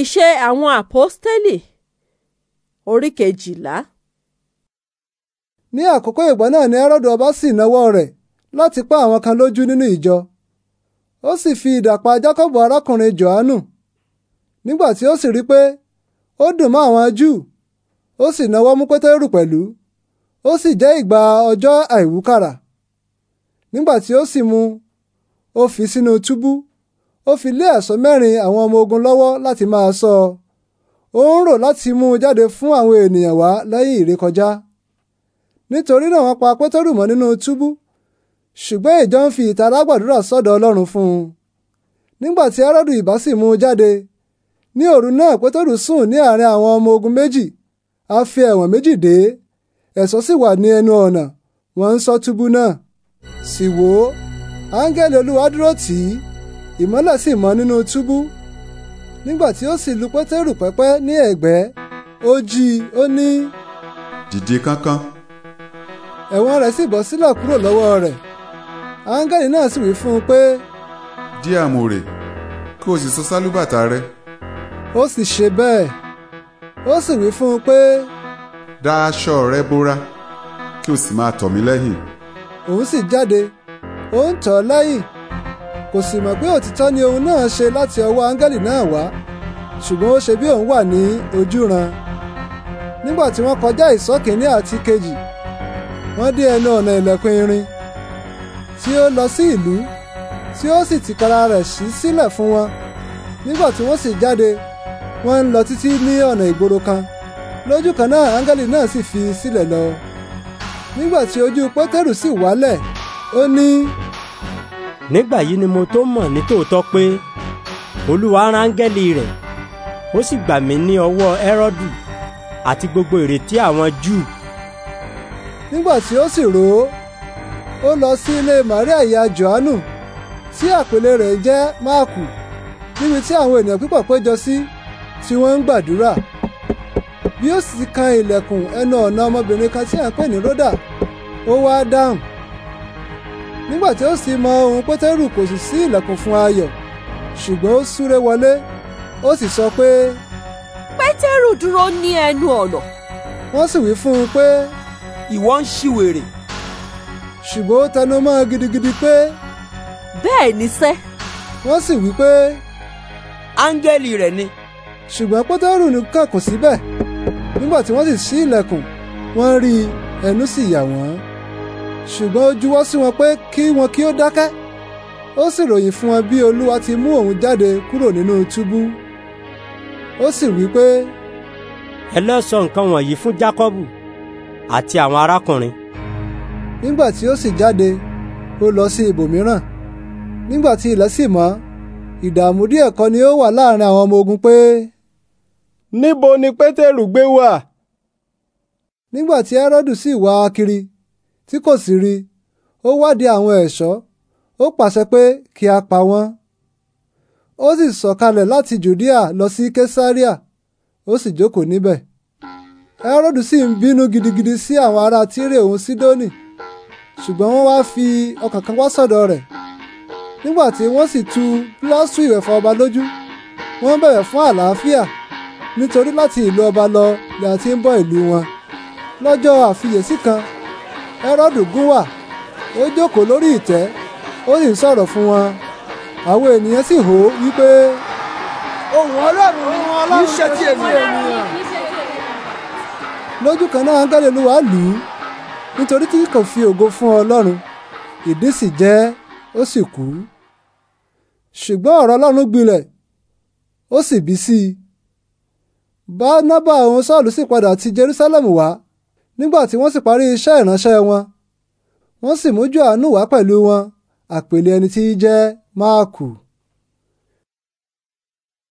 Ìṣe àwọn àpọ́stélì orí kejìlá. Ní àkókò ìgbà náà ni Ẹ́rọ́dù ọba sì nawọ́ rẹ̀ láti pa àwọn kan lójú nínú ìjọ. Ó sì fi idà pa Jákọ́bù arákùnrin Jòhánù. Nígbà tí ó sì rí pé ó dùn mọ́ àwọn Júù, ó sì nawọ́ mú Pétérù pẹ̀lú. Ó sì jẹ́ ìgbà ọjọ́ àìwúkàrà. Nígbà tí ó sì mú, ó fi sínú túbú ó fi lé ẹ̀ṣọ́ mẹ́rin àwọn ọmọ ogun lọ́wọ́ láti máa ṣọ́ ọ ó ń rò láti mú un jáde fún àwọn ènìyàn wá lẹ́yìn ìrékọjá nítorí náà wọ́n pa pétérù mọ́ nínú túbú ṣùgbọ́n ìjọ ń fi ìtara gbàdúrà sọ́dọ̀ ọlọ́run fún un nígbà tí Hẹ́rọ́dù ìbá sì mú un jáde ní òru náà pétérù sùn ní àárín àwọn ọmọ ogun méjì a fi ẹ̀wọ̀n méjì dé ẹ̀ṣọ́ sì wà ní ẹnu ọ̀nà wọ́n ń ṣọ́ túbú náà sì wò ó áńgẹ́lì olúwa dúró tì í ìmọ́lẹ̀ sì mọ́ nínú túbú nígbà tí ó sì lu pétérù pẹ́pẹ́ ní ẹ̀gbẹ́ ó jí i ó ní. dìde kánkán. ẹ̀wọ̀n rẹ̀ sì bọ́ sílẹ̀ kúrò lọ́wọ́ rẹ̀ áńgẹ́lì náà sì wí fún un pé. di àmùrè kí o sì sọ sálúbàtà rẹ. ó sì ṣe bẹ́ẹ̀ ó sì wí fún un pé. dá aṣọ rẹ bóra kí o sì máa tọ̀ mí lẹ́yìn. òun sì jáde ó ń tọ̀ ọ́ lẹ́yìn kò sì mọ̀ pé òtítọ́ ni òun náà ṣe láti ọwọ́ áńgẹ́lì náà wá ṣùgbọ́n ó ṣe bí òun wà ní ojúran nígbà tí wọ́n kọjá ìsọ́ kìíní àti kejì wọ́n dé ẹnu ọ̀nà ìlẹ̀kùn irin tí ó lọ sí ìlú tí ó sì tìkára rẹ̀ sí sílẹ̀ fún wọn nígbà tí wọ́n sì jáde wọ́n ń lọ títí ní ọ̀nà ìgboro kan lójú kan náà áńgẹ́lì náà sì fi sílẹ̀ lọ nígbà tí ojú pétérù sì wálẹ̀ ó ní nígbà yìí ni mo tó mọ̀ nítòótọ́ pé olúwa rángẹ́lì rẹ̀ ó sì gbà mí ní ọwọ́ Hẹ́rọ́dù àti gbogbo ìrètí àwọn Júù. nígbà tí ó sì rò ó ó lọ sí ilé Maria ìyá Jòhánù tí àpèlé rẹ̀ jẹ́ Máàkù níbi tí àwọn ènìyàn púpọ̀ péjọ sí tí wọ́n ń gbàdúrà bí ó sì kan ilẹ̀kùn ẹnu ọ̀nà ọmọbìnrin kan tí à ń pè ní Ródà ó wá dáhùn nígbà tí ó sì mọ ohun pétérù kò sì sí ilẹ̀kùn fún ayọ̀ ṣùgbọ́n ó súré wọlé ó sì sọ pé. pétérù dúró ní ẹnu ọ̀nà. wọ́n sì wí fún un pé. ìwọ ń ṣìwèrè. ṣùgbọ́n ó tẹnu mọ́ gidigidi pé. bẹ́ẹ̀ ni sẹ́. wọ́n sì wí pé. áńgẹ́lì rẹ̀ ni. ṣùgbọ́n pétérù ní kàkùn síbẹ̀ nígbà tí wọ́n sì ṣí ilẹ̀kùn wọ́n rí i ẹnu sì yà wọ́n ṣùgbọ́n ó juwọ́ sí wọn pé kí wọn kí ó dákẹ́ ó sì ròyìn fún wọn bí olúwa ti mú òun jáde kúrò nínú túbú ó sì wí pé. ẹ lọ sọ nǹkan wọ̀nyí fún Jákọ́bù àti àwọn arákùnrin. nígbà tí ó sì jáde ó lọ sí ibòmíràn nígbà tí ilẹ̀ sì mọ́ ìdààmú díẹ̀ kan ni ó wà láàrin àwọn ọmọ ogun pé. níbo ni Pétérù gbé wà. nígbà tí Hẹ́rọ́dù sì wá a kiri tí kò sì rí i ó wádìí àwọn ẹ̀ṣọ́ ó pàṣẹ pé kí a pa wọ́n ó sì sọ̀kalẹ̀ láti jùdíà lọ sí kẹsàríà ó sì jókòó níbẹ̀ Herodu sì ń bínú gidigidi sí àwọn ará Tírè òun Sídónì ṣùgbọ́n wọ́n wá fi ọkàn kan wá sọ́dọ̀ rẹ̀ nígbà tí wọ́n sì tu pílásù ìwẹ̀fà ọba lójú wọ́n bẹ̀rẹ̀ fún àlàáfíà nítorí láti ìlú ọba lọ ni a ti ń bọ́ ìlú wọn lọ́jọ́ àfiyèsí kan Hẹ́rọ́dù gún wà ó jókòó lórí ìtẹ́ ó sì ń sọ̀rọ̀ fún wọn àwọn ènìyàn sì hó wípé. ohùn ọlọ́run ènìyàn. lójú kan náà fi ògo fún ọlọ́run ìdí sì jẹ́ ó sì kú ṣùgbọ́n ọ̀rọ̀ ọlọ́run gbilẹ̀ ó sì bí sí i òun nígbà tí wọ́n sì parí iṣẹ́ ìránṣẹ́ wọn wọ́n sì mójú àánú wá pẹ̀lú wọn àpèlé ẹni tí í jẹ́ máàkù